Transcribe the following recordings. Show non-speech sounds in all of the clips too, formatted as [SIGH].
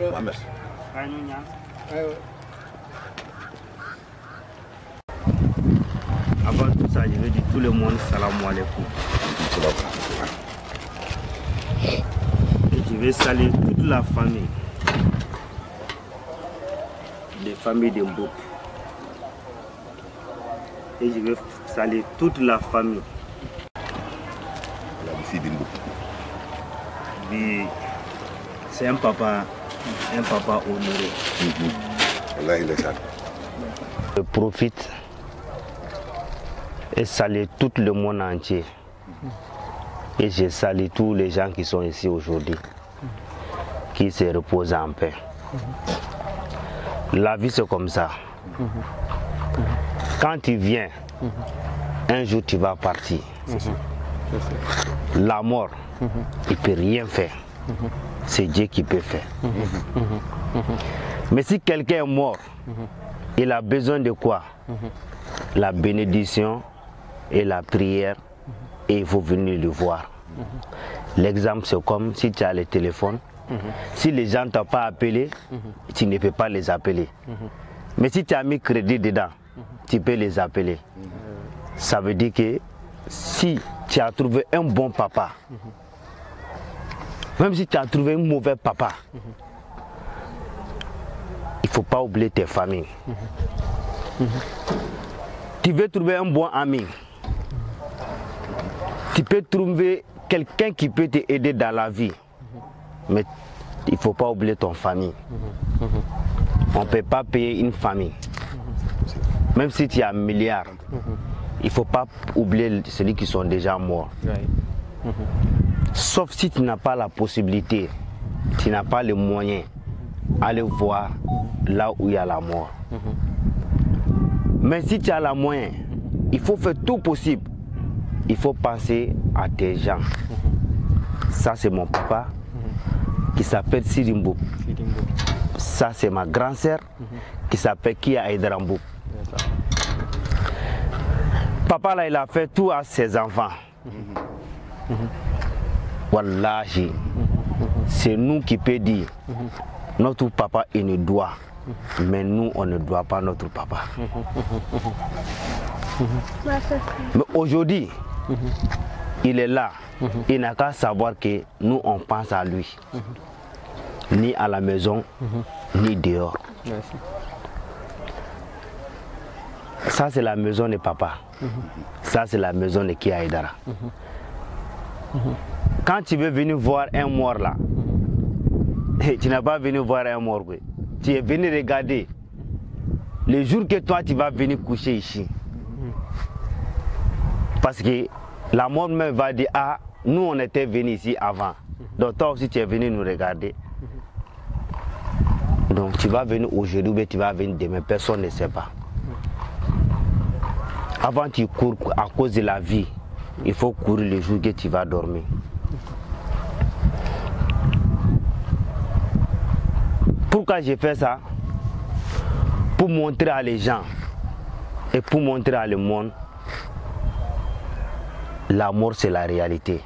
Mohamed. Avant tout ça, je veux le monde, salam alaikum. Et je vais saluer toute la famille, les familles de Mbouk. Et je vais saluer toute la famille. La fille de Mbouk. papa un papa honoré. salue tout le monde entier. Et je salue tous les gens qui sont ici aujourd'hui, qui se reposent en paix. La vie, c'est comme ça. Quand viens, un jour tu vas partir. La mort, il ne peut rien c'est Dieu qui peut faire. Mais si quelqu'un est mort, il a besoin de quoi La bénédiction et la prière, et il faut venir le voir. L'exemple, c'est comme si tu as le téléphone. Si les gens ne pas appelé, tu ne peux pas les appeler. Mais si tu as mis crédit dedans, tu peux les appeler. Ça veut dire que si tu as trouvé un bon papa, Même si tu as trouvé un mauvais papa, il faut pas oublier tes familles. Tu veux trouver un bon ami. Tu peux trouver quelqu'un qui peut t'aider dans la vie. Mais il faut pas oublier ton famille. On ne peut payer une famille. Même si tu as un il faut pas oublier celui qui sont déjà morts. Sauf si tu n'as pas la possibilité, tu n'as pas les moyens, aller voir là où il la mort. Mais si tu as la moyen, il faut faire tout possible. Il faut penser à tes gens. Ça, c'est mon papa qui s'appelle Sirimbo. Ça, c'est ma grand-sœur qui s'appelle Kia Aydrambo. Papa, là, il a fait tout à ses enfants. Wallahi, c'est nous qui peut dire papa il nous doit, mais nous on ne doit pas notre papa. Mais aujourd'hui, il est là, il n'a qu'à savoir que nous on pense à lui, ni à la maison, ni dehors. Ça c'est la maison de papa, ça c'est la maison de Kia Aydara. Quand tu veux venir voir un mort là, mhm. tu n'as pas venu voir un mort. Tu es venu regarder. Le jour que toi, tu vas venir coucher ici. Mhm. Parce que la mort même va dire, ah, nous, on était venus ici avant. Mhm. Donc toi aussi, tu es venu nous Donc tu vas venir aujourd'hui, mais tu vas venir demain. Personne ne sait Avant, tu cours à cause de la vie. il faut courir les jours que dormir. Pourquoi j'ai fait ça Pour montrer à les gens et pour montrer à le monde la mort c'est la réalité.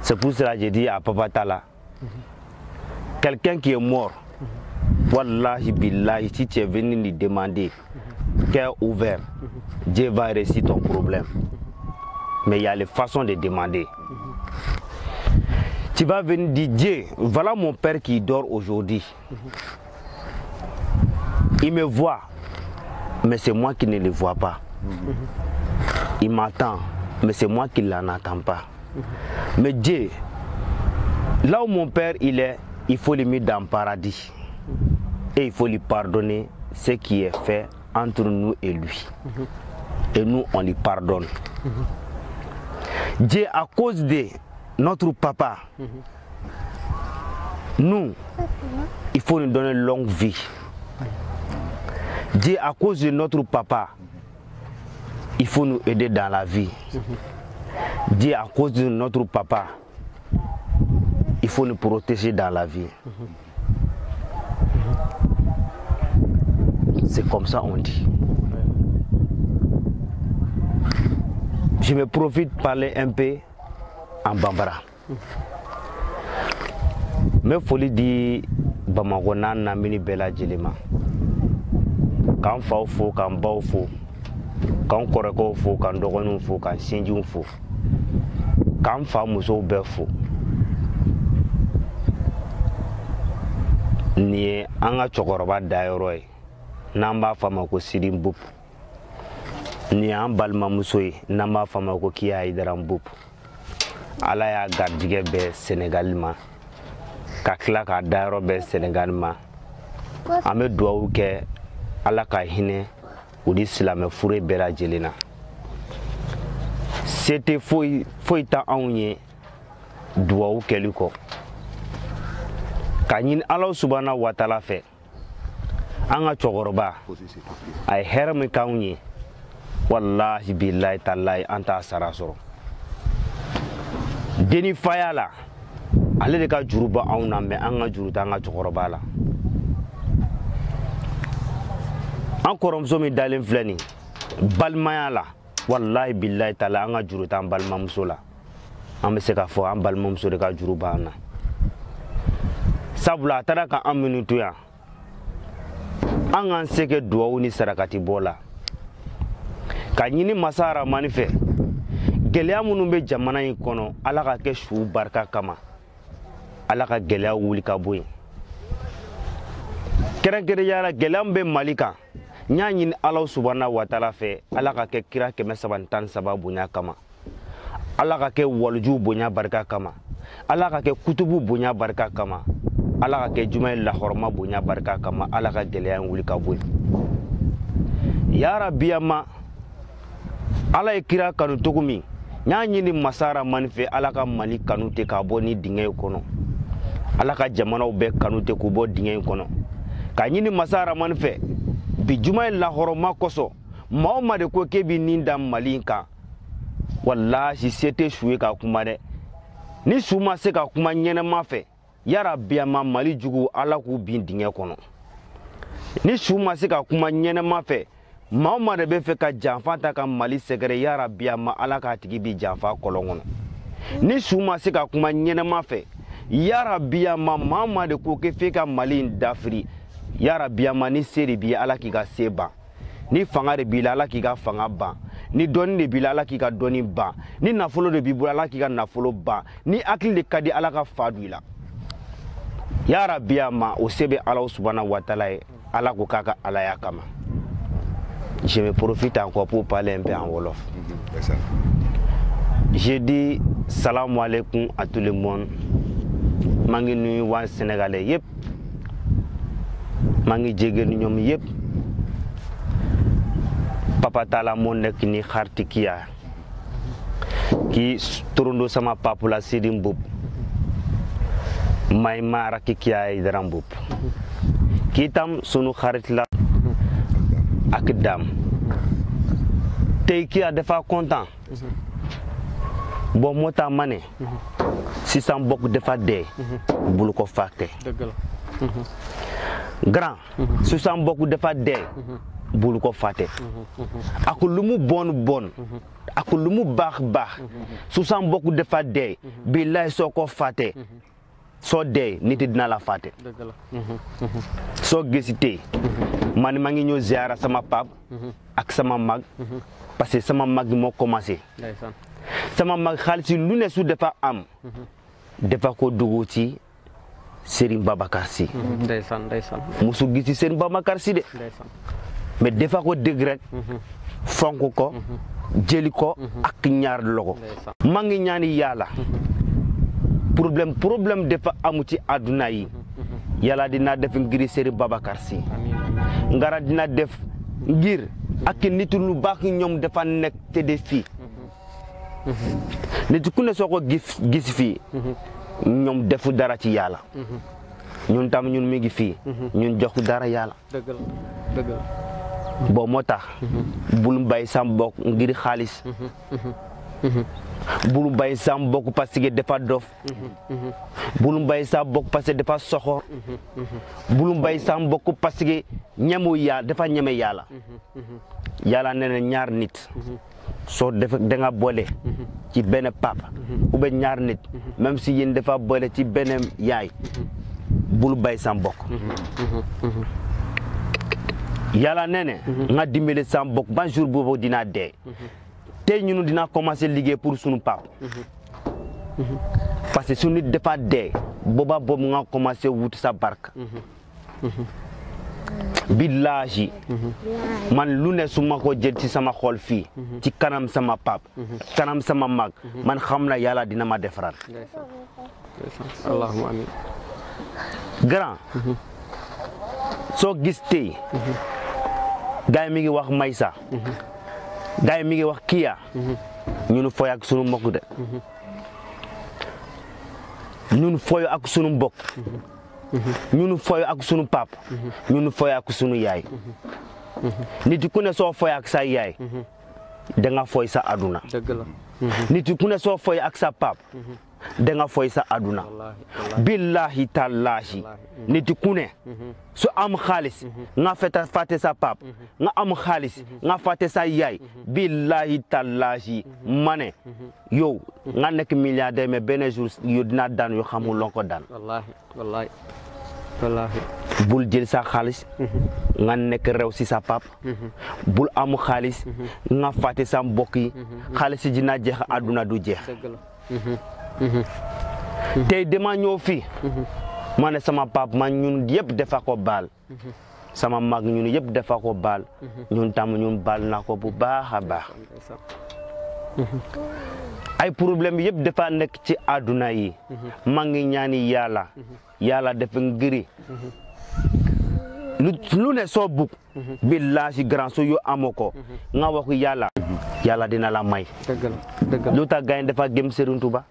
C'est pour cela à Papa quelqu'un qui est mort, Wallahi billahi, si tu es venu demander cœur ouvert, mhm. Dieu va réussir ton problème. Mhm. Mais il a les façons de demander. Mhm. Tu vas venir dire, Dieu, voilà mon père qui dort aujourd'hui. Il me voit, mais c'est moi qui ne le vois pas. Il m'attend, mais c'est moi qui l'en attends pas. Mais Dieu, là mon père il est, il faut le mettre dans paradis. Et il faut lui pardonner ce qui est fait entre nous et lui. Et nous, on lui pardonne. Dieu, à cause de notre papa, nous, il faut nous donner longue vie. Dieu, à cause de notre papa, il faut nous aider dans la vie. Dieu, à cause de notre papa, il faut nous protéger dans la vie. C'est comme on dit. Je me parler un peu en Me foli di Bamako n'a namini bɛɛ lajɛlen ma. K'an faw fo, k'an baw fo, k'an kɔrɔkɛw fo, k'an dɔgɔninw fo, k'an sinjiw fo, k'an fa musow bɛɛ fo. Nin an ka cɛkɔrɔba dayɔrɔ ye. n'an b'a f'a ko sidi bup nin y'an balimamuso ye n'an b'a f'a ma ko kiya hayidara bup ala y'a garijɛgɛ bɛɛ senegali ma ka tila k'a dayɔrɔ bɛɛ senegali ma an bɛ dugawu kɛ ala ka hinɛ u ni silamɛ fure bɛɛ lajɛlen na se tɛ foyi ta anw ye dugawu kɛli kɔ ka ɲini ala subahana watala fɛ an ka cɛkɔrɔba a ye hɛrɛ min k'anw ye walahi bilahi talahi an t'a sara sɔrɔ denni la ale de ka juru ba anw na mɛ an ka juru t'an ka cɛkɔrɔba la an kɔrɔmuso min dalen filɛ nin balimaya la walahi bilahi talahi an ka juru t'an balimamuso la an bɛ se k'a fɔ an balimamuso de ka juru b'an na sabula a taara ka an minnu to yan an k'an se kɛ duwawu ni sarakati la ka ɲini masa aramani fɛ gɛlɛya minnu bɛ jamana in kɔnɔ ala ka kɛ suw barika kama ala ka gɛlɛya wuli ka bɔ yen kɛrɛnkɛrɛnya gɛlɛya min bɛ mali kan n ɲini alaw subahana wataala fɛ ala ka kɛ kira kɛmɛ saba tan saba bonya kama ala ka kɛ walijuw bonya barika kama ala ka kɛ kutubu bonya barika kama ala ka kɛ juma ye lahɔrɔma bonya barika kama ala ka gɛlɛya wuli ka bɔ yen yarabiyama ala ye kira kanu cogo min n y'a ɲini masara mani fɛ ala ka mali kanu tɛ k'a bɔ ni dingɛ in kɔnɔ ala ka jamanaw bɛɛ kanu tɛ k'u bɔ dingɛ in kɔnɔ k'a ɲini masara mani fɛ bi juma ye lahɔrɔma kosɔn maa o maa de ko k'e bɛ nin da mali in kan walahi se tɛ su ye ka kuma dɛ ni su ma se ka kuma ɲɛnɛma fɛ yara biyama mali jugu ala k'u bin dingɛ kɔnɔ ni su ma se ka kuma ɲɛnɛma fɛ maa de bɛ fɛ ka janfa ta ka mali sɛgɛrɛ yara biyama ala k'a tigi bi janfa kɔlɔn kɔnɔ ni su ma se ka kuma ɲɛnɛma fɛ yara biyama maa de ko kɛ fɛ ka mali in dafiri yara biyama ni se de b'i ala k'i ka se ban ni fanga de b'i la ala k'i ka fanga ban ni dɔɔni de b'i la ala k'i ka dɔɔni ban ni nafolo de b'i bolo ala k'i ka nafolo ban ni hakili de ka di ala ka fa don i la yarabiya ma o se bɛ ala subana watala ye ala ko k'a ka alaya kama je me profite encore pour parler un wolof je dis salamu alaikum à tout le monde maa ngi nuyu waa sénégalais yëpp maa ngi jégalu ñoom yëpp papa Talla nekk ni xartikiya kii turandoo sama papa la Sidi may maara kikiyaay dara mbubb kii tam sunu xarit la ak daam tey kii a dafa kontaan bon moo tax ma ne sisan bokk dafa dee bul ko fàtte grand sisan bokk dafa dee bul ko fàtte ak lu bon bon ak lu mu baax baax sisan bokk dafa dee billaay soo ko fàtte soo dee nit yi dina la fàtte. soo gisitee. man maa ngi ñëw ziara sama pap ak sama mag. parce que sama mag moo commencé. sama mag xaalis lu ne su dafa am. dafa ko dugg ci Serigne Babacar Sy. ndeysaan ndeysaan. musu gisi Serigne Babacar Sy de. mais dafa ko dégg rek. fonk ko. Mhm. jëli ko mhm. ak ñaar loxo. maa ñaani yàlla. problème problème dafa amu ci àdduna yi mhm, mhm, mhm. yàlla dina def ngir Serigne Babacar Sy ngara dina def ngir ak nit lu baax ñoom dafa nekk te de fii nit ku ne soo gis gis fii ñoom defu dara ci yàlla ñun tam ñun mi ngi fii ñun jox dara yàlla dëgg la bul mbay sa mbokk xaalis bulu bay sam bokk parce que dafa dof bulu bay sam bokk parce que dafa soxor bulu bay sam bokk parce que ñamu yaa ñeme yàlla yàlla nee ñaar nit soo def da nga boole ci benn papa ou bien ñaar nit même si yéen dafa ci benn yaay bulu bay sam bokk yàlla nee nga dimbale sam bokk ban jour boobu dee tey ñunu dinaa commencé liggéey pour sunu pap parce que su nit dafa dee booba boobu nga commencé wut sa barka billaahi man lu ne su ma ko ci sama xol fii ci kanam sama pap kanam sama mag man xam na yàlla dina ma defaral allahumma amin grand soo gis tey gars mi ngi wax Maysa gars yi mi ngi wax Kia. Mhm. ñun fooy ak sunu mbokk de. Mhm. ñun fooy ak sunu mbokk. Mhm. ñun fooy ak sunu pap ñun fooy ak sunu yaay. nit ku ne soo fooy ak yaay. da fooy sa aduna. dëgg ku ne soo fooy ak sa da nga foy sa aduna billahi tallahi nit ku ne am xaalis nga feta sa pap nga am xaalis nga fàtte sa yaay billahi tallahi ma yow nga nekk milliardaire mais benn jour yu daan yu xamul loo ko daan wallahi bul jël sa xaalis nga nekk rew si sa pap bul am xaalis nga fàtte sa mbokk yi xaalis dina jeex aduna du jeex tey dama ñëw fii ma ne sama pap ñun yëpp defa ko baal sama mag ñun yëpp defa ko baal ñun tam ñun baal na ko bu baax a baax ay problème yëpp defa nekk ci àdduna yi ma ngi ñaani yàlla yàlla dafa ngiri lu lu ne soo bugg mhm. billaahi grand su yu amoo mhm. nga wax yàlla mhm. yàlla dina la may lu tax gaay dafa gëm Serigne Touba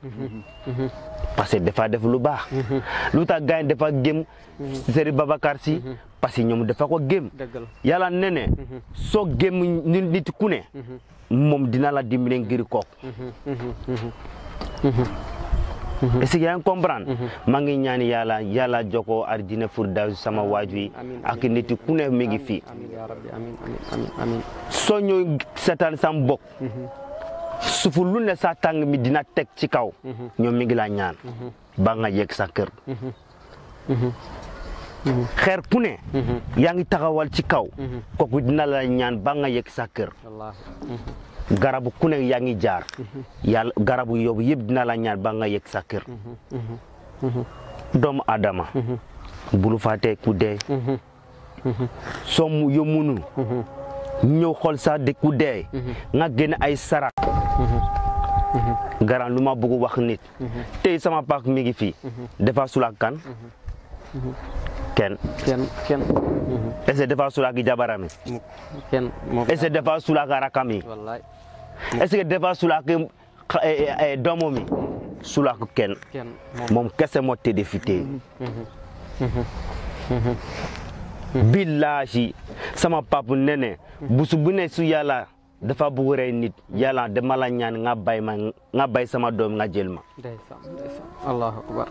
parce que dafa def lu baax lu tax gaay dafa gëm Serigne Babacar Sy parce que ñoom dafa ko gëm yàlla ne soo gëm nit ku ne dina la dimbali ngir kook est-ce yaa ngi comprendre mhm. maa ngi ñaan yàlla yàlla joko ardina firdaws sama waaju yi ak nit ku ne mi ngi fii soo ñëw seetaan mhm. sufu lu ne sa tàng mi dina teg ci kaw mhm. ñoom mi ngi la ñaan ba nga yegg sa kër xeer ku ne yaa ngi taxawal ci kaw kooku dina la ñaan ba nga sa kër garabu ku ne yaa ngi jaar yàlla garabu yóbbu yëpp dina la ñaan ba nga yegg sa kër doomu adama bulu fàtte ku dee soo yo munu ñëw xool sa ku dee nga génne ay sara garan lu ma bëgg wax nit tey sama paak mi ngi fii dafa sula kan kenn kenn kenn ese dafa sulaa ki jabarami ese dafa sulaa ka rakami ese dafa sulaa ki domomi sulaa moom kese moo tëdd fi tey sama pap nene busu bu su yàlla dafa bëgg nit yàlla dama la ñaan nga bay ma nga bay sama doom nga jël ma. allahu akbar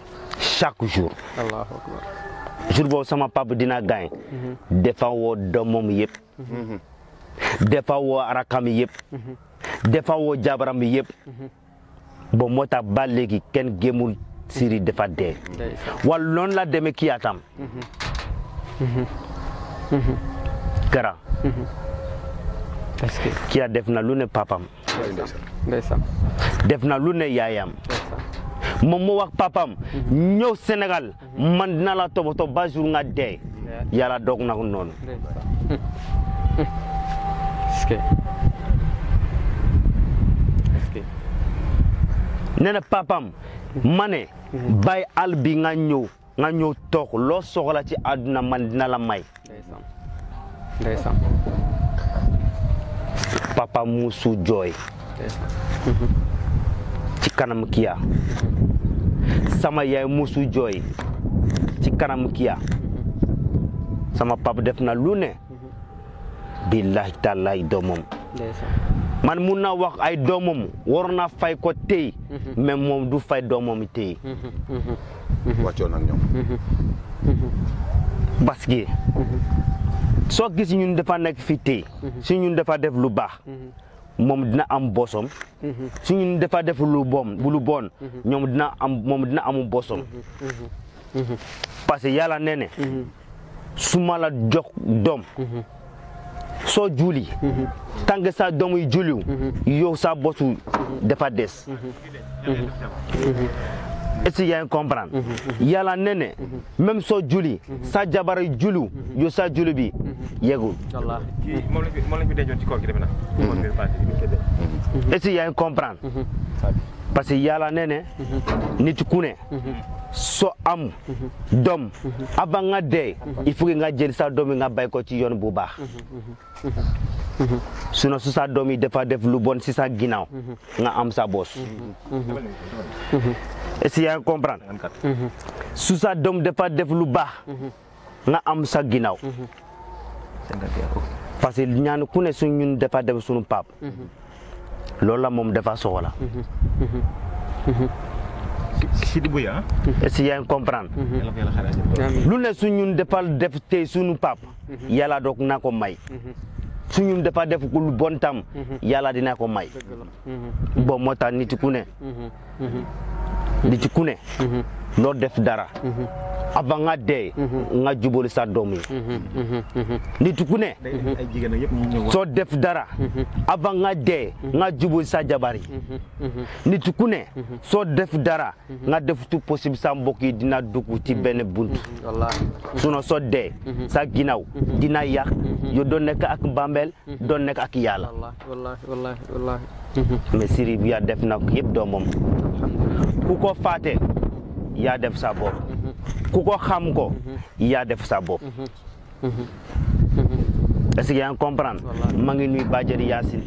chaque jour. sama papa dina gaañ. Mhm. dafa woo doomam yëpp. Mhm. dafa woo arakam yëpp. Mhm. dafa woo jabaram yëpp. ba moo tax ba léegi kenn gémul siri dafa dee. wala noonu la deme kiyatam. kara. Kya def na lu ne papam def na lu ne yaayam moom moo wax papam ñëw senegal man dina la toppatoo ba jour nga dee yàlla doog na ko noonu [LAUGHS] ne papam mane ne bàyyi bi nga ñëw nga ñëw toog loo soxla ci àdduna man dina la may papa musu jooy ci kanam kiya sama yaay musu jooy ci kanam kiya sama papa def na lu ne billahi tallahi doomam man mun naa wax ay doomam waroon naa fay ko tey mhm. mais moom du fay doomam tey mhm, mhm, wàccoon soo gis ñun dafa nekk fii tey mhm. si ñun dafa def lu baax mhm. moom dina am bosom mhm. su ñun dafa def lu bon bu ñoom dina am moom dina amu bosom parce que yàlla nee ne su jox doom soo juuli tànk sa doom yi juuliw yow sa bosu dafa des est ce que yaa ngi comprendre yàlla nene même soo juli sa jabara julu yo sa julu bi yegul est ce que parce que yàlla nee ne nit ku ne so am doom avant nga dee il nga jël sa doom yi nga bay ci yoon bu baax sinon su sa doom yi dafa def lu bon si sa ginnaaw nga am sa boos est-ce que su sa doom dafa def lu baax nga am sa ginnaaw parce que ñaan ku ne su ñun dafa def sunu paap loolu la moom dafa soxla. Ah? si bu yaa. est-ce que yaa ngi comprendre. lu ne suñu dafa def tey suñu pap mhm. yàlla doog naa ko may. suñu dafa def ko bon tam. Mhm. yàlla dina ko may. Mhm. bon moo tax nit ku ne. nit ku ne. noo def dara. avant nga dee mhm. nga jubóoli sa doom yi mhm, mhm, nit ku soo def dara avant nga dee nga jubóoli sa jabar yi nit ku ne soo def dara nga def tout possible sa mbokk yi dina dugg ci benn buntu sinon soo dee sa ginnaaw dina yàq yow doo nekk ak bàmmeel doo nekk ak yàlla mais siri bi yaa def na ko yëpp doomam ku ko faate yaa def sa bopp ku ko xam ko yaa def sa bopp est-ce que yaa ngi comprendre ma ngi Yaasin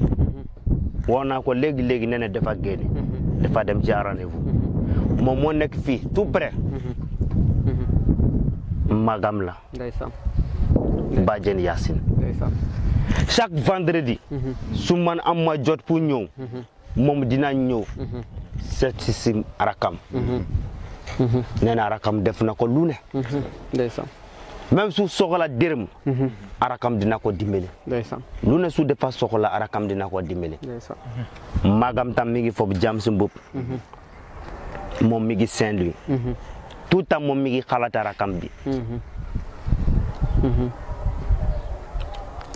woo naa ko léegi-léegi nee na dafa génne dafa dem ci rendez moom moo nekk fii tout près magam la bàjjen Yaasin chaque vendredi su man am ma jot pour ñëw moom dina ñëw mhm. seet si rakam mhm. nee na rakam def na ko lu su soxla dërëm. Mhm. arakam dina ko dimbale. ndeysaan su defa soxla arakam dina ko dimbale. ndeysaan magam tam mi ngi foofu James Mboup. Mhm. moom mi ngi Saint-Louis. Mhm. tout temps mi ngi xalaat arakam bi.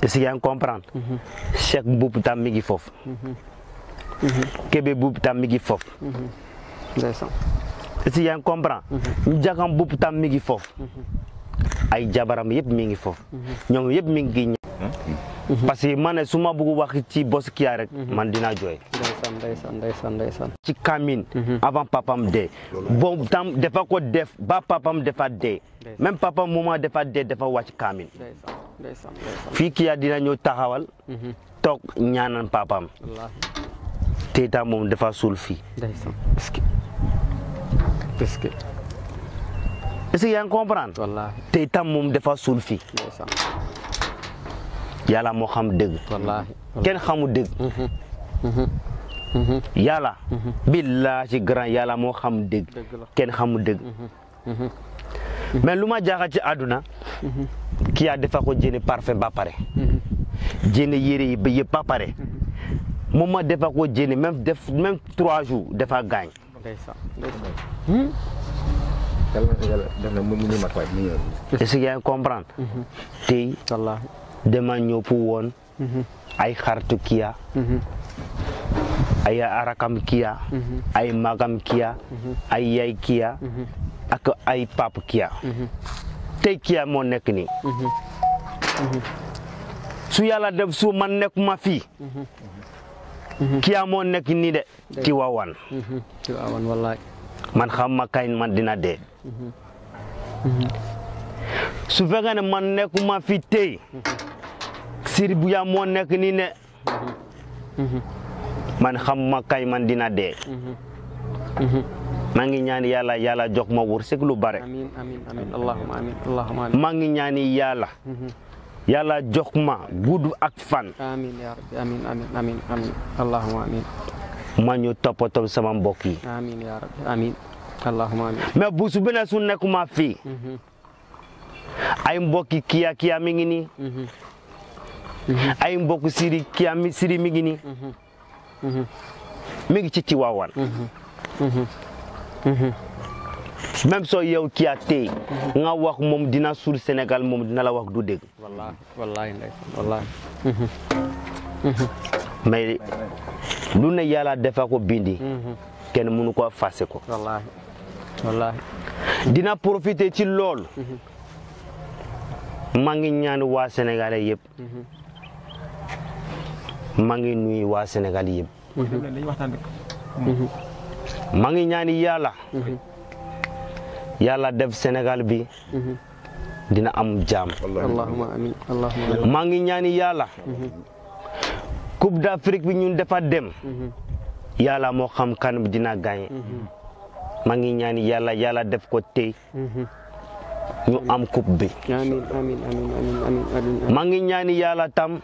est-ce que yaa ngi tam mi ngi foofu. Kébé tam mi ngi si yaa ngi comprend njakam mhm. bupp tam mi ngi foofu mhm. ay jabaram yëpp mi ngi foofu mhm. ñoom yëpp mi ngi parce que man ne su wax ci Boss Kia rek man dina jooy ndeysaan ndeysaan ndeysaan ci kamin papam dee bon tam dafa ko def ba papam dafa dee même papam moment dafa dee dafa wàcc kamin fii Kia dina ñëw taxawal toog ñaanan papam teeta moom dafa suul fii est-ce que te itam moom dafa suul fii. yàlla moo xam dëgg. wallaahi kenn xamu dëgg. Mhm. Mhm. Mhm. yàlla. grand yàlla moo xam dëgg. kenn xamu dëgg. mais lu ma jaaxal ci àdduna. kiya yaa ko jënd parfum ba pare. jënd yére yi ba pare. moom ma dafa ko jënd même def même trois jours dafa gaañ. est-ce que yaa ngi comprendre. Mm-hmm. tey dama ñëpp woon. Mm-hmm. ay xaritu kiya. Mm-hmm. ay arakam kiya. ay magam kiya. ay yaay kiya. ay pap kiya. tey kiya moo nekk ni su yàlla def su man nekkuma fii. Mhm. kiyaa mhm. mhm. moo nekk nii de ci waawan man xam ma kañ man dina dee su fekkee ne man nekkuma fi tey Sirbuya moo nekk nii ne man xam ma kañ man dina dee maa ngi ñaan yàlla yàlla jox ma wërsëg lu bare maa ngi ñaan yàlla yàlla jox ma gudd ak fan. amiin yaa rabbi amiin amiin amiin amiin allahumma amiin. ma ñu toppatoo sama mbokk yi. amiin yaa rabbi amiin allahumma amiin. mais bu su beneen su nekkuma fii. Mhm. ay mbokki kiya kiya mi ngi nii. Mhm. Mhm. ay mbokki siri kiya siri mi ngi nii. mi ngi ci Tiwaawan. même sooy yow ki a tey nga wax moom dina suul senegal moom dina la wax du dégg wallaahi wallaahi wallaahi mais lu ne yàlla defa ko bindi kenn mënu ko fase ko wallaahi dina profité ci lool maa ngi ñaan waa Sénégal yëpp maa ngi nuyu waa Sénégal yëpp maa ngi ñaan yàlla def Sénégal bi dina am jaam maa ngi ñaani yàlla coupe d'Afrique bi ñun dafa dem yàlla moo xam kan bi dina gagné maa ngi ñaani yàlla yàlla def ko tey ñu am coupe bi maa ngi ñaani yàlla tam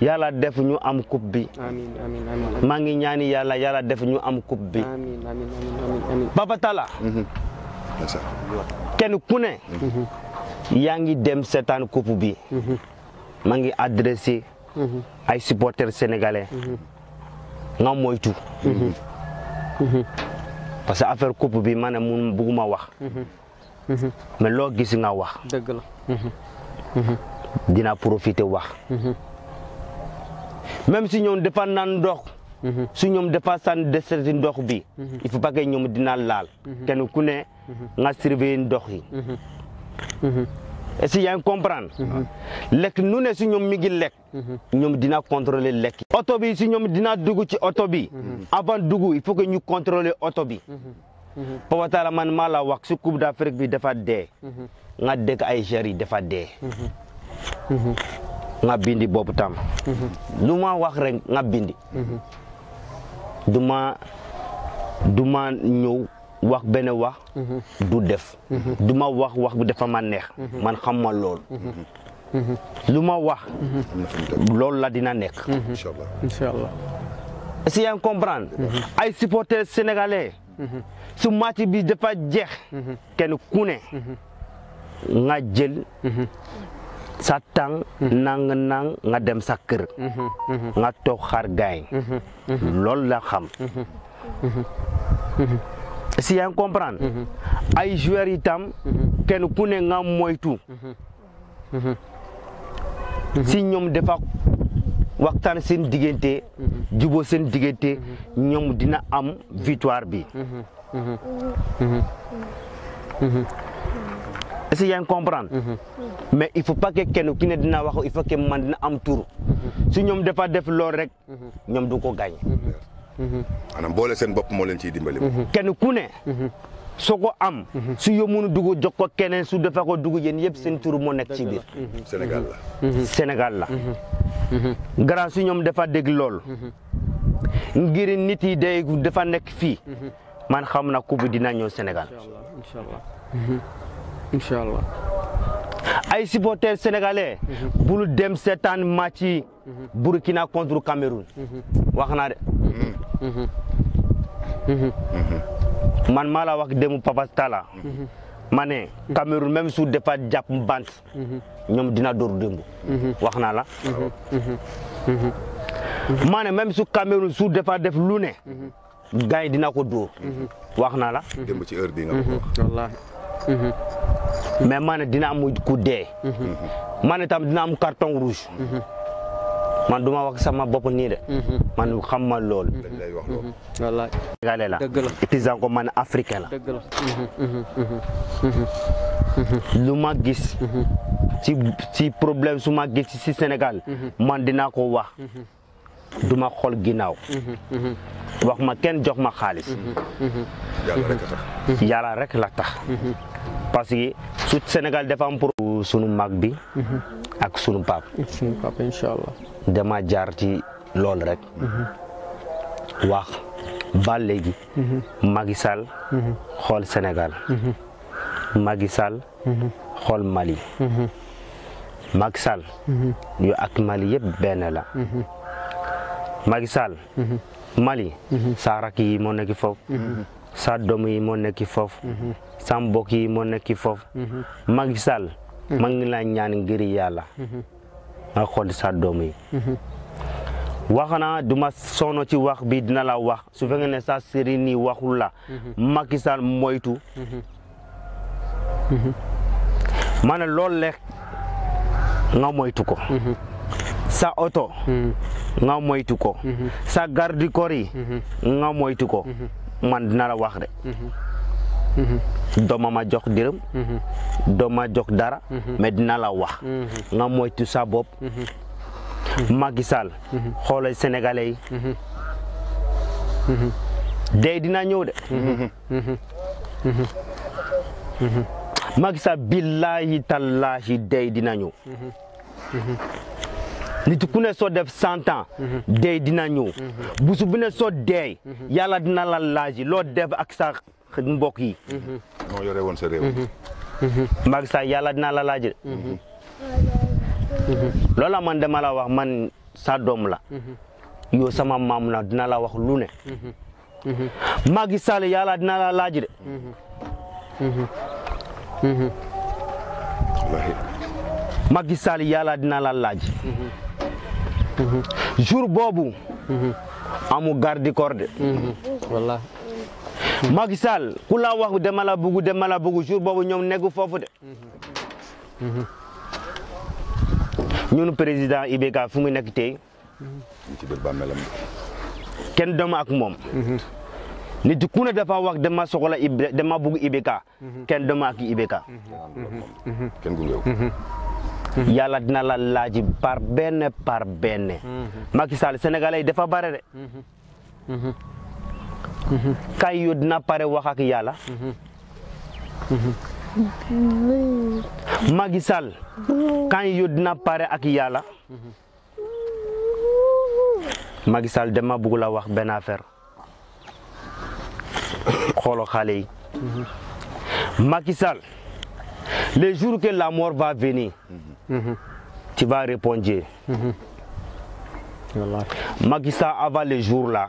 yàlla def ñu am coupe bi maa ngi ñaani yàlla yàlla def ñu am coupe bi Papa Talla kenn ku ne. Mhm. yaa ngi dem seetaan coupe bi. Mhm. maa ngi adressé. Mhm. ay supporters sénégalais. nga moytu. parce que affaire coupe bi ma ne mun bugguma wax. mais loo gis nga wax. dëgg la. dina profiter wax. même si ñoom dafa Mm-hmm. su ñoom dafa san deserti ndox bi mm-hmm. il faut pas ñoom dina laal mm-hmm. kenn ku ne nga surveiller ndox yi est-ce que yaa ngi lekk nu ne si ñoom mi ngi lekk ñoom dina contrôler lekk oto bi si ñoom dinaa dugg ci oto bi avant dugu il faut ñu contrôler oto bi Papa Talla man maa la wax si Coupe d'Afrique bi dafa dee nga dëkk Algérie dafa dee nga bindi bopp tam lu ma wax nga bindi du ma du ma ñëw wax benn wax. Mhm. du def. Mhm. du ma wax wax bi dafa ma neex. Mhm. man xam ma lool. lu ma wax. loolu la dina nekk. incha yaa comprendre. ay supporters sénégalais. su match bi dafa jeex. kenn ku nga jël. sa tàng nang nang nga dem sa kër nga toog xaar gaay loolu la xam si yaa ngi comprendre ay joueurs itam kenn ku ne nga moytu si ñoom dafa waxtaan seen diggante jubóo seen diggante ñoom dina am victoire bi est-ce que mm-hmm. mais il faut pas que kenn ku ne dina wax il faut que man dina am tur. Mm-hmm. si ñoom dafa def lool rek. Mm-hmm. ñoom du ko gagné. boole seen bopp moo leen dimbali. kenn ku ne. soo am. su yow mënu dugg jox su dafa ko dugg yéen yëpp seen tur moo nekk ci biir. la. grand su ñoom dafa dégg loolu. ngir nit yi day dafa nekk fii. man xam na coupe dina ñëw Sénégal. incha allah ay supporters sénégalais. Mhm. bul dem seetaan match yi. Mhm. Burkina contre Cameroun. Mhm. wax naa de. man maa la wax demu Papa Talla. ma ne su dafa jàpp bant. ñoom dina dóor démb. wax naa la. ma ne su Cameroun su dafa def lu ne. yi dina ko dóor. wax naa la. démb ci heure bii ko wax. Mm-hmm. mais man dina am ku dee. Mm-hmm. man tam dina am carton rouge. Mm-hmm. man duma wax sama bopp nii de. man xam ma lool. lay wax lool. wallaay. Sénégalais la paysan ko man africain la. la. lu ma gis. ci problème su ma gis ci Sénégal. man dinaa ko wax. duma ma xool ginnaaw wax ma kenn jox ma xaalis yàlla rek la tax parce que senegal Sénégal dafa sunu mag bi ak sunu pap sunu jaar ci loolu rek wax ba léegi Macky Sall xool Sénégal Macky Sall Mali Macky yo ak Mali yëpp benn la Macky Sall Mali sa rakk yi moo nekk foofu sa doom yi moo nekk foofu sa mbokk yi moo nekk foofu Macky Sall ma ngi laa ñaan ngir yàlla nga xool sa doom yi duma sono ci wax bi dina la wax su fekkee ne sa sëriñ ni waxul la Macky moytu ma ne loolu nga moytu ko sa oto nga moytu ko mhm. sa garde corps mhm. nga moytu ko mhm. man dina la wax de dooma ma jox dërëm dooma jox dara mais dina la wax nga moytu sa bopp Macky Sall xoolal sénégalais yi dina ñëw de Macky Sall billaahi tallaahi day dina ñëw nit ku ne soo def cent ans mhm. dee dina ñëw mhm. busu bu soo dee mhm. yàlla dina la laaj loo def ak sa mbokk yi noo mag sa yàlla dina la laaj loola man dama la wax man sa doom la yow sama maam na dina la wax lu ne Macky Sall yàlla dina la laaj de Macky Sall yàlla dina la laaj Mhm. jour boobu. Mhm. amu garde corps de. Mhm. ku la wax dama la bëgg dama jour boobu ñoom nekku foofu de. ñun président IBK fu mu nekk tey. ci kenn doomu ak moom. nit ku ne dafa wax dama soxla dama bëgg IBK. kenn doomu ak IBK. Mhm. yàlla dina la laaj par benn par benn. Mhm. Macky Sall sénégalais dafa bare de. Mhm. kay yu dina pare wax ak yàlla. Macky Sall kan pare ak yàlla. Macky Sall dama bugg la wax benn affaire xooloo xale yi. la mort va venir. tu vas répondre. Macky Sall avant les jours là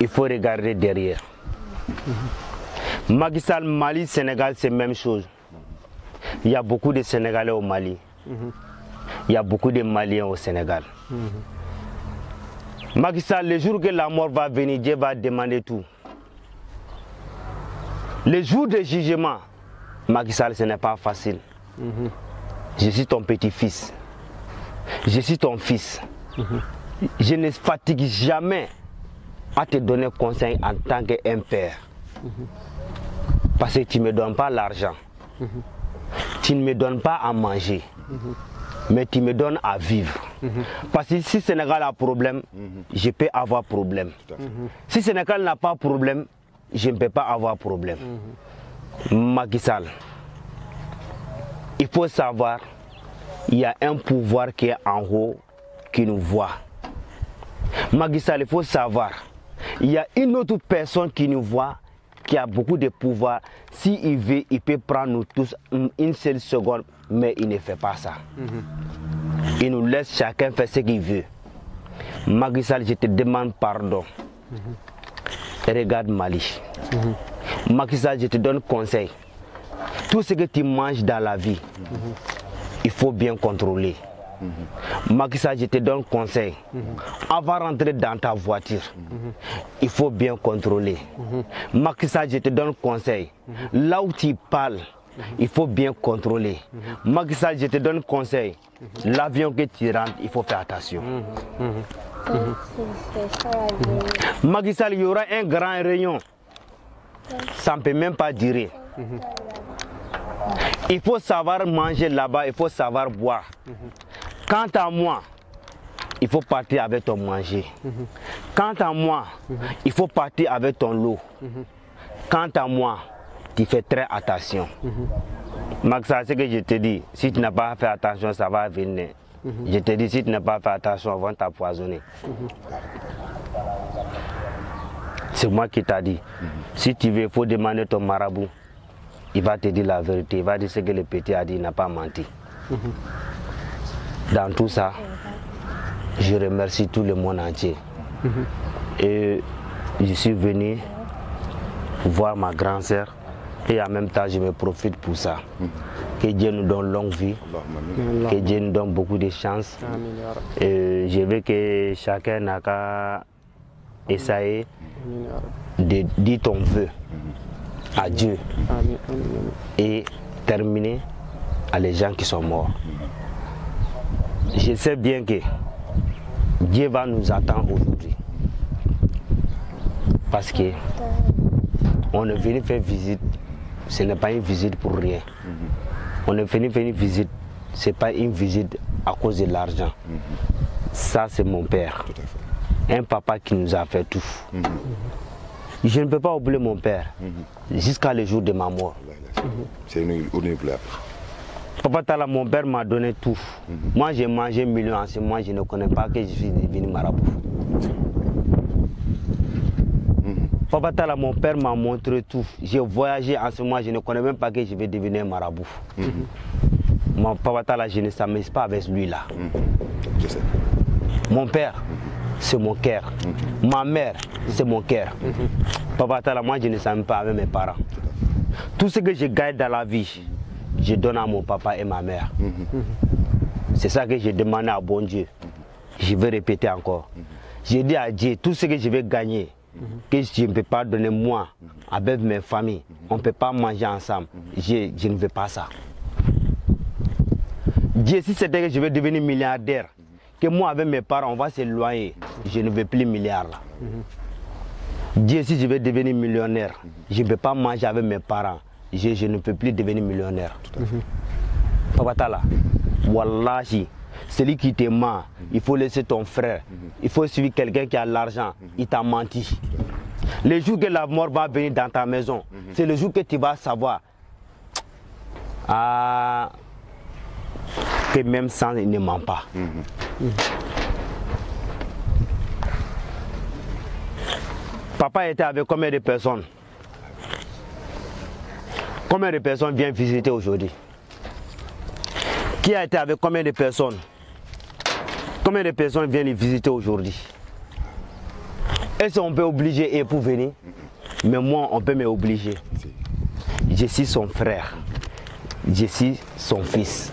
il faut regarder derrière. Macky Sall Mali Sénégal c'est même chose. Il y a beaucoup de Sénégalais au Mali. y a beaucoup de Maliens au Sénégal. Macky le jour que la mort va venir Dieu va demander tout. Le jour du jugement Macky Sall ce n'est pas facile. Mmh. Je suis ton petit-fils. Je suis ton fils. Je ne fatigue jamais à te donner conseil en tant qu'un père. Parce que tu ne me donnes pas l'argent. Tu ne me donnes pas à manger. Mais tu me donnes à vivre. Parce que si Sénégal a problème, je peux avoir problème. Si Sénégal n'a pas problème, je ne peux pas avoir problème. Macky il faut savoir, il y a un pouvoir qui est en haut, qui nous voit. Magistral, il faut savoir, il y a une autre personne qui nous a beaucoup de pouvoir. si veut, il peut prendre tous une seule seconde, mais il ne fait pas Il nous laisse chacun faire ce qu'il veut. Magistral, je te demande pardon. Regarde Mali. Mm je te donne conseil. tout ce que tu manges dans la vie, il faut bien contrôler. Makissa, je te donne conseil. Avant de rentrer dans il faut bien contrôler. Makissa, je te donne conseil. Là où il faut bien contrôler. Makissa, je te donne conseil. L'avion que tu rentres, il faut faire attention. Makissa, il un grand rayon. Ça ne peut pas durer. Il faut savoir manger là il faut savoir boire. Mm-hmm. Quant à moi, il faut partir avec ton manger. Mm-hmm. Quant à moi, mm-hmm. il faut partir avec ton lot. Quant à moi, tu fais très attention. Maxa, ce que je si tu n'as fait attention, ça va venir. Je te si tu n'as fait attention, on va t'empoisonner. C'est moi qui t'a Si tu veux, faut demander ton marabout. il va dire la vérité, il dire ce que le petit a dit, il n'a pas menti. Dans tout ça, je remercie tout le monde entier. Mm je suis venu voir ma grand-sœur et en temps, je me profite pour ça. Que Dieu nous donne longue vie, que Dieu nous donne beaucoup de chance. Et je veux que chacun n'a qu'à de dire ton vœu. à Dieu et terminer à les gens qui sont morts. Je sais bien que Dieu va nous attendre aujourd'hui. Parce que on est venu faire visite, ce n'est pas une visite pour rien. On est venu faire une visite, ce n'est pas une visite à cause de l'argent. Ça, c'est mon père. Un papa qui nous a fait tout. Je ne peux pas oublier mon père mm -hmm. jusqu'à le jour de ma mort. Papa Tala, mon père m'a donné tout. Mhm. Moi, j'ai mangé millions en ce je ne connais pas que je suis devenu marabout. Mhm. Papa Tala, mon père m'a montré tout. J'ai voyagé en ce je ne connais pas que je vais devenir marabout. Mhm. Mon papa Tala, je ne s'amuse pas avec lui là. Mon père, c'est mon cœur. Mm -hmm. Ma mère, c'est mon cœur. Mhm. Papa Tala, moi, je ne savais pas avec mes parents. Tout ce que je gagne dans la vie, je papa et ma mère. Mm -hmm. C'est ça que j'ai demandé à mhm. Je vais répéter encore. Mhm. J'ai dit à Dieu, tout ce que je vais gagner, que je ne peux pas donner moi, avec mes familles, on ne peut pas manger ensemble. Je, si c'était que je vais devenir milliardaire, que moi avec mes parents, on va s'éloigner. Je ne veux plus milliard là. Mm si je veux devenir millionnaire, je ne peux manger avec mes parents. Je, je ne plus devenir millionnaire. Papa Tala, Wallahi, celui qui il faut laisser ton frère. Il faut suivre quelqu'un qui a l'argent. Il t'a Le jour que la mort va venir dans ta maison, c'est le jour que tu vas savoir. Ah, que même sans, il ne ment pas. Mm -hmm. Papa était combien de personnes Combien de personnes viennent visiter aujourd'hui Qui a été avec combien de personnes Combien de personnes viennent les visiter aujourd'hui Est-ce qu'on peut obliger et pour venir mm-hmm. Mais moi, on peut me obliger. Je suis son frère. Je suis son fils.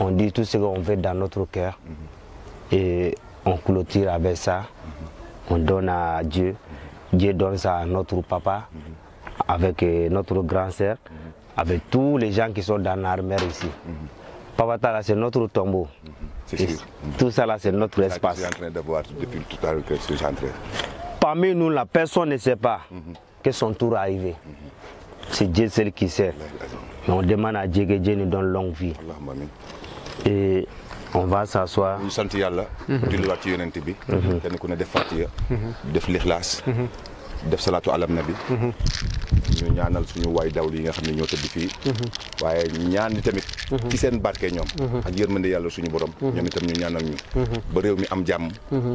on dit tout ce qu'on veut dans notre cœur mhm. et on clôture avec ça, mhm. on donne Dieu, Dieu donne ça notre papa, mhm. avec euh, notre grand sœur, avec tous les gens qui sont dans l'armère ici. Papa Tala, c'est notre tombeau. Sûr. Tout ça là, c'est notre espace. je suis en Parmi nous, la personne ne sait pas que son tour est arrivé. Dieu seul qui sait. Mais on demande Dieu que Dieu nous donne longue vie. et on va s'asseoir. ñu sant yàlla. Mm-hmm. julliwaat ci yonent bi. Mm-hmm. kenn ku ne def fàtiya mm-hmm. def def salaatu alam nabi mhm. ñu ñaanal suñu waay dawlu yi nga xam ne ñoo tëdd fii mhm. waaye ñaan ni tamit mhm. ci seen barke ñoom ak yërmande yàlla suñu borom ñoom itam ñu ñaanal ñu ba réew mi am jàmm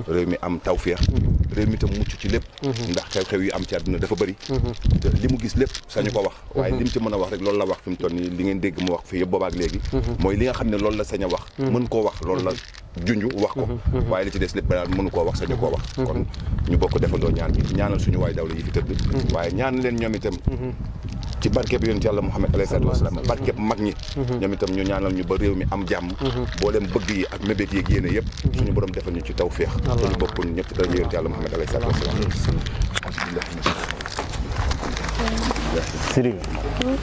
réew mi am tawféex réew mi itam mucc ci lépp ndax xew-xew yi am ci àdduna dafa bëri li mu gis lépp sañu ko wax waaye li mu ci mën a wax rek loolu la wax fi mu toll nii li ngeen dégg mu wax fii yëpp boobaak léegi mooy li nga xam ne loolu la sañ a wax mën koo wax lool la junj wax ko mhm, mhm. waaye li ci des lépp daal mënu koo wax sañu koo wax mhm, kon ñu bokk defandoo ñaan bi ñaanal suñu waay daw la yi fi tëdd waaye ñaan leen ñoom itam ci barkeb yonent yàlla Muhammad alayhi salaatu wasalaam barkeb mag ñi ñoom itam ñu ñaanal ñu ba réew mi am jàmm boo leen bëgg yi ak mébét yeeg yéene yëpp suñu borom defal ñu ci tawféex te ñu bokk ñëpp ci daraja yonent yàlla Muhammad alayhi salaatu wasalaam Cyril,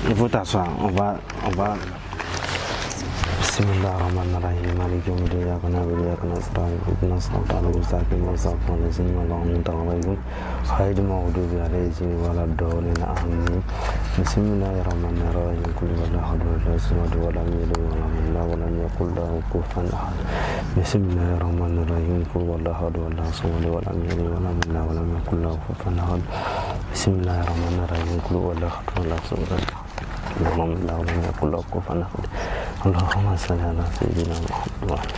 il faut t'asseoir, on va, bismillah rahman rahim malik yawmi din iyyaka na'budu wa iyyaka nasta'in ihdinas sirata al-mustaqim siratal ladzina an'amta alaihim ghayril maghdubi alaihim waladdallin amin bismillahir rahmanir rahim qul huwallahu ahad as-samad lam yalid walam yulad walam yakul lahu kufuwan ahad bismillahir rahmanir rahim qul huwallahu ahad allahu as-samad lam yalid walam yulad walam yakul lahu kufuwan ahad bismillahir rahmanir rahim qul huwallahu ahad allahu as-samad lam yalid walam yulad walam yakul lahu kufuwan ahad اللهم صل على سيدنا محمد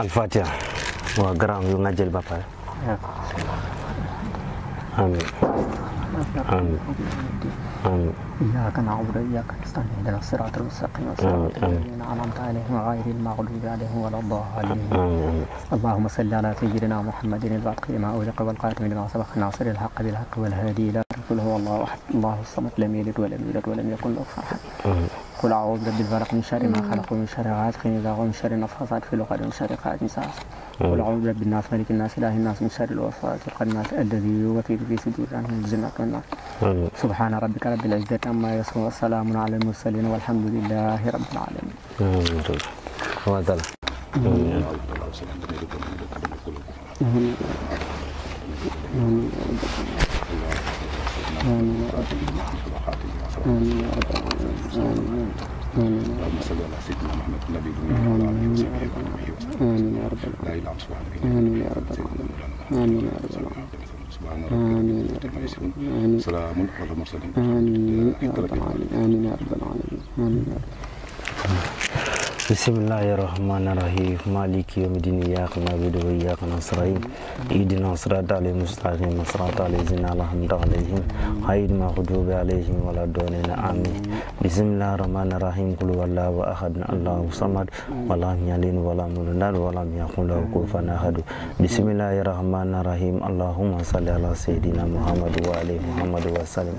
alfatiha waaw grand yu nga jël ba pare amin amin آمين إياك نعبد وإياك نستعين اهدنا الصراط المستقيم صراط الذين أنعمت عليهم غير المغضوب عليهم ولا الضالين اللهم صل على سيدنا محمد الفاتح لما أغلق والقاتم لما سبق ناصر الحق بالحق والهادي إلى رسوله والله أحد الله الصمد لم يلد ولم يولد ولم يكن له أحد قل أعوذ برب الفلق من شر ما خلق ومن شر غاسق إذا ومن شر النفاثات في العقد ومن شر غاسق ساس قل أعوذ برب الناس ملك الناس إله الناس من شر الوسواس الخناس الذي يوسوس في صدور الجنة والنار سبحان ربك رب العزة عما يصفون وسلام على المرسلين والحمد لله رب العالمين. آمين. آمين يا رب العالمين آمين يا رب صل على سيدنا محمد النبي آمين يا رب العالمين آمين يا رب العالمين آمين يا رب العالمين آمين يا رب العالمين سبحان آمين يا رب العالمين سلام على المرسلين آمين يا رب العالمين آمين يا رب العالمين آمين يا رب العالمين bismillahi rahmani rahim maliki yawmi din iyyaka na'budu wa iyyaka nasta'in ihdina sirata al-mustaqim sirata allazina an'amta alayhim ghayril maghdubi alayhim waladdallin amin bismillahi rahmani rahim qul huwallahu ahad allahu samad walam yalid walam yulad walam yakul lahu kufuwan ahad bismillahi rahmani rahim allahumma salli ala sayyidina muhammad wa ali muhammad wa sallim